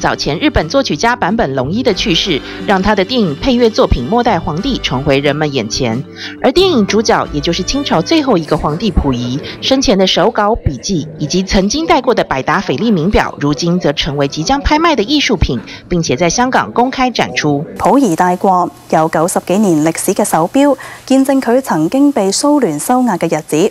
早前日本作曲家坂本龍一的去世，讓他的電影配樂作品《末代皇帝》重回人們眼前。而電影主角，也就是清朝最後一個皇帝溥儀生前的手稿筆記，以及曾經戴過的百達翡麗名錶，如今則成為即將拍賣的藝術品，並且在香港公開展出。溥儀戴過有九十幾年歷史嘅手錶，見證佢曾經被蘇聯收押嘅日子。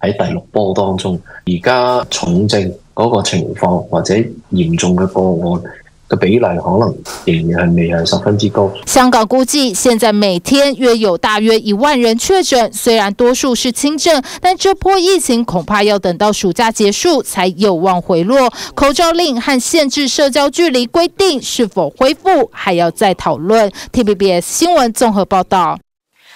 喺第六波當中，而家重症嗰個情況或者嚴重嘅個案嘅比例，可能仍然係未係十分之高。香港估計，現在每天約有大約一萬人確診，雖然多數是輕症，但這波疫情恐怕要等到暑假結束才有望回落。口罩令和限制社交距離規定是否恢復，還要再討論。TVBS 新聞綜合報道。